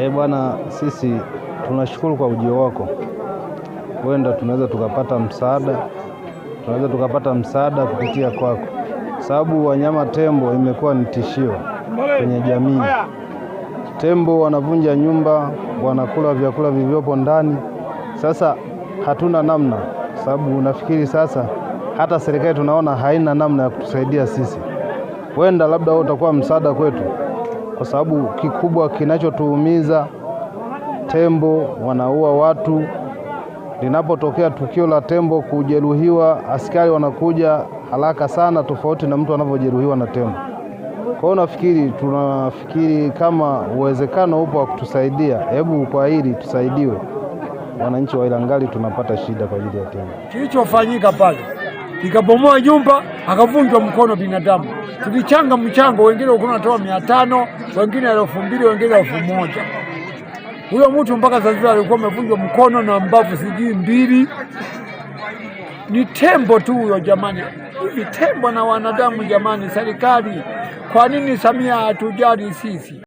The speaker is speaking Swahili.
E Bwana, sisi tunashukuru kwa ujio wako, wenda tunaweza tukapata msaada, tunaweza tukapata msaada kupitia kwako, sababu wanyama tembo imekuwa ni tishio kwenye jamii. Tembo wanavunja nyumba, wanakula vyakula vilivyopo ndani. Sasa hatuna namna, sababu nafikiri sasa hata serikali tunaona haina namna ya kutusaidia sisi. Wenda labda wewe utakuwa msaada kwetu kwa sababu kikubwa kinachotuumiza tembo wanaua watu. Linapotokea tukio la tembo kujeruhiwa, askari wanakuja haraka sana, tofauti na mtu anavyojeruhiwa na tembo. Kwa hiyo nafikiri, tunafikiri kama uwezekano upo wa kutusaidia, hebu kwa hili tusaidiwe. Wananchi wa Ilangali tunapata shida kwa ajili ya tembo. Kilichofanyika pale ikabomoa nyumba, akavunjwa mkono binadamu. Tulichanga mchango, wengine walikuwa wanatoa mia tano, wengine elfu mbili, wengine elfu moja. Huyo mtu mpaka sasa alikuwa amevunjwa mkono na mbavu sijui mbili. Ni tembo tu huyo jamani, hivi tembo na wanadamu jamani. Serikali, kwa nini Samia hatujali sisi?